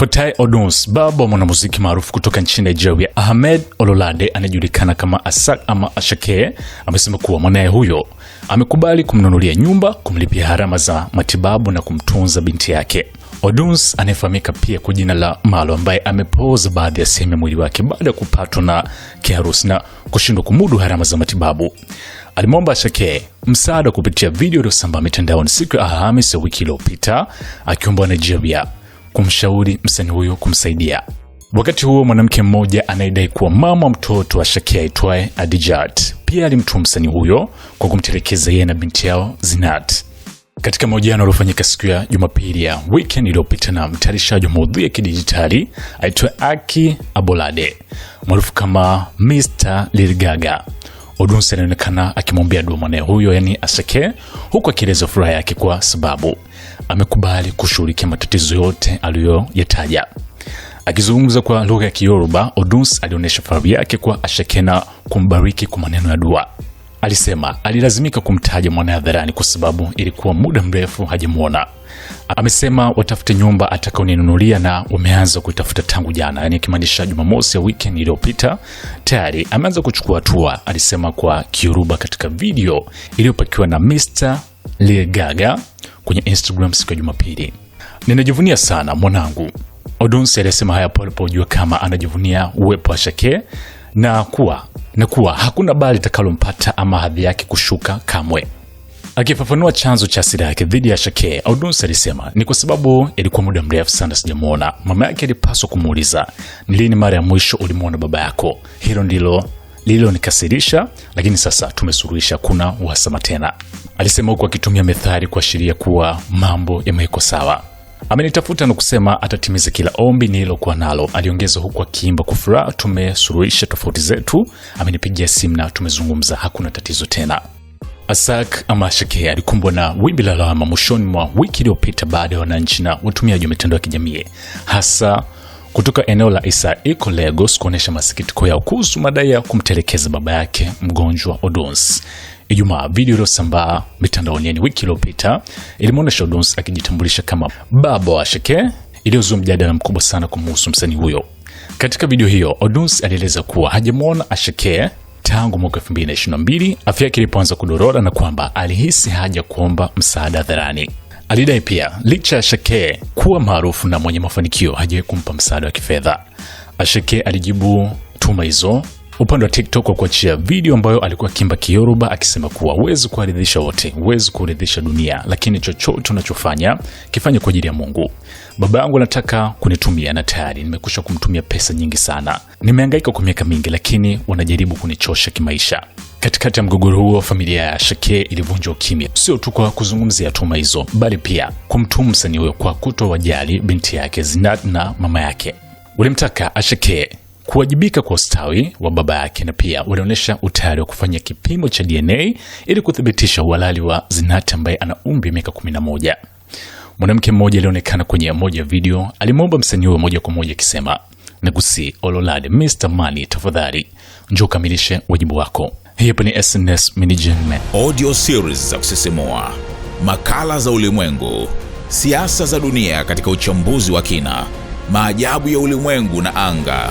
Fatai Odons, baba wa mwanamuziki maarufu kutoka nchini Nigeria Ahmed Ololade anayejulikana kama Asak ama Ashake, amesema kuwa mwanaye huyo amekubali kumnunulia nyumba, kumlipia harama za matibabu na kumtunza binti yake. Odons anayefahamika pia kwa jina la Malo ambaye amepooza baadhi ya sehemu ya mwili wake baada ya kupatwa na kiharusi na kushindwa kumudu gharama za matibabu. Alimwomba Ashake msaada kupitia video iliyosambaa mitandaoni siku ya Alhamisi ya wiki iliyopita akiomba Nigeria kumshauri msanii huyo kumsaidia. Wakati huo mwanamke mmoja anayedai kuwa mama mtoto wa Shakia aitwaye Adijat pia alimtuma msanii huyo kwa kumtelekeza yeye na binti yao Zinat katika mahojiano aliofanyika siku ya Jumapili ya weekend iliyopita na mtayarishaji wa maudhui ya kidijitali aitwaye Aki Abolade maarufu kama Mr Lil Gaga, Odunsi anaonekana akimwambia dua mwanaye huyo, yani Asake, huku akieleza furaha yake kwa sababu amekubali kushughulikia matatizo yote aliyoyataja. Akizungumza kwa lugha ya Kiyoruba, Oduns alionyesha fahari yake kwa Ashekena kumbariki kwa maneno ya dua. Alisema alilazimika kumtaja mwanaye hadharani kwa sababu ilikuwa muda mrefu hajamwona. Amesema watafute nyumba atakaoninunulia na wameanza kuitafuta tangu jana, yani akimaanisha Jumamosi ya weekend iliyopita tayari ameanza kuchukua hatua, alisema kwa Kiyoruba katika video iliyopakiwa na Mr. Lil Gaga kwenye Instagram siku ya Jumapili. Ninajivunia sana mwanangu. Odunsi aliyesema haya pale pa ujue kama anajivunia uwepo wa Shake na kuwa na kuwa hakuna bali itakalompata ama hadhi yake kushuka kamwe. Akifafanua chanzo cha hasira yake dhidi ya Shake, Odunsi alisema ni kwa sababu ilikuwa muda mrefu sana sijamwona. Mama yake alipaswa kumuuliza ni lini mara ya mwisho ulimwona baba yako. Hilo ndilo lililonikasirisha, lakini sasa tumesuruhisha kuna uhasama tena, alisema huku akitumia methari kuashiria kuwa mambo yamewekwa sawa. Amenitafuta na kusema atatimiza kila ombi nililokuwa nalo, aliongeza huku akiimba kwa furaha, tumesuruhisha tofauti zetu. Amenipigia simu na tumezungumza, hakuna tatizo tena. Asak Amashake alikumbwa na wimbi la lawama mwishoni mwa wiki iliyopita baada ya wananchi na watumiaji wa mitandao ya kijamii hasa kutoka eneo la iko Lagos kuonyesha masikitiko yao kuhusu madai ya kumtelekeza baba yake mgonjwa Odons. Ijumaa, video iliyosambaa mitandaoni wiki iliyopita ilimwonyesha Odons akijitambulisha kama baba wa Sheke, iliyozua mjadala mkubwa sana kumhusu msanii huyo. Katika video hiyo, Odons alieleza kuwa hajamwona ashekee tangu mwaka 2022 afya yake ilipoanza kudorora na kwamba alihisi haja kuomba msaada hadharani alidai pia licha ya sheke kuwa maarufu na mwenye mafanikio hajawahi kumpa msaada wa kifedha. Asheke alijibu tuma hizo upande wa TikTok kwa kuachia video ambayo alikuwa Kimba Kiyoruba akisema kuwa huwezi kuwaridhisha wote, huwezi kuridhisha dunia, lakini chochote unachofanya kifanye kwa ajili ya Mungu. Baba yangu anataka kunitumia na tayari nimekusha kumtumia pesa nyingi sana, nimehangaika kwa miaka mingi, lakini wanajaribu kunichosha kimaisha. Katikati ya mgogoro huo, familia ya Shake ilivunjwa ukimya, sio tu kwa kuzungumzia tuma hizo, bali pia kumtuhumu msanii huyo kwa kutowajali binti yake Zinat na mama yake. Ulimtaka Ashekee kuwajibika kwa ustawi wa baba yake na pia walionyesha utayari wa kufanya kipimo cha DNA ili kuthibitisha uhalali wa Zinati ambaye ana umri wa miaka moja. Mwanamke mmoja alionekana kwenye moja video alimwomba msanii huyo moja kwa moja akisema, Negusi Ololade, Mr Money, tafadhali njoo ukamilishe wajibu wako. Hapa ni SNS Management audio series za kusisimua, makala za ulimwengu, siasa za dunia katika uchambuzi wa kina, maajabu ya ulimwengu na anga